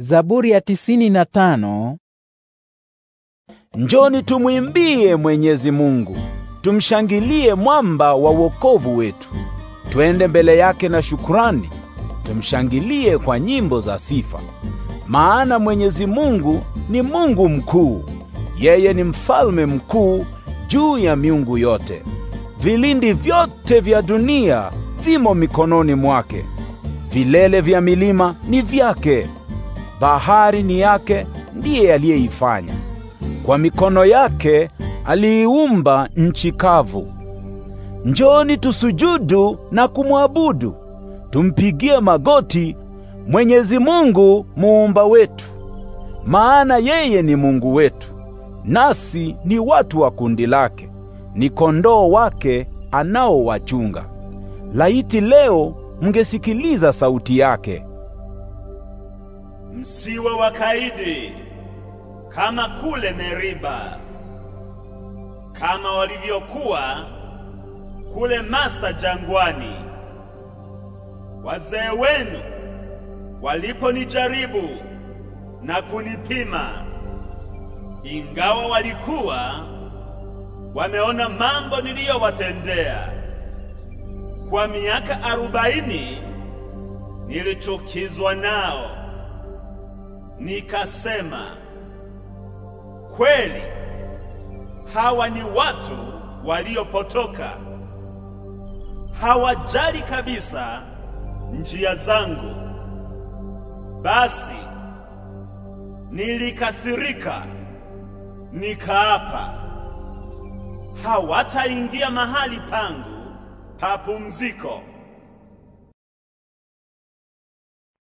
Zaburi ya tisini na tano. Njoni tumwimbie Mwenyezi Mungu, tumshangilie mwamba wa wokovu wetu. Twende mbele yake na shukurani, tumshangilie kwa nyimbo za sifa. Maana Mwenyezi Mungu ni Mungu mkuu, yeye ni mfalme mkuu juu ya miungu yote. Vilindi vyote vya dunia vimo mikononi mwake, vilele vya milima ni vyake bahari ni yake, ndiye aliyeifanya. Kwa mikono yake aliiumba nchi kavu. Njoni tusujudu na kumwabudu, tumpigie magoti Mwenyezi Mungu muumba wetu, maana yeye ni Mungu wetu, nasi ni watu wa kundi lake, ni kondoo wake anaowachunga. Laiti leo mngesikiliza sauti yake! msiwe wakaidi kama kule Meriba, kama walivyokuwa kule Masa jangwani, wazee wenu waliponijaribu na kunipima, ingawa walikuwa wameona mambo niliyowatendea kwa miaka arobaini. Nilichukizwa nao nikasema, kweli hawa ni watu waliopotoka, hawajali kabisa njia zangu. Basi nilikasirika, nikaapa, hawataingia mahali pangu pa pumziko.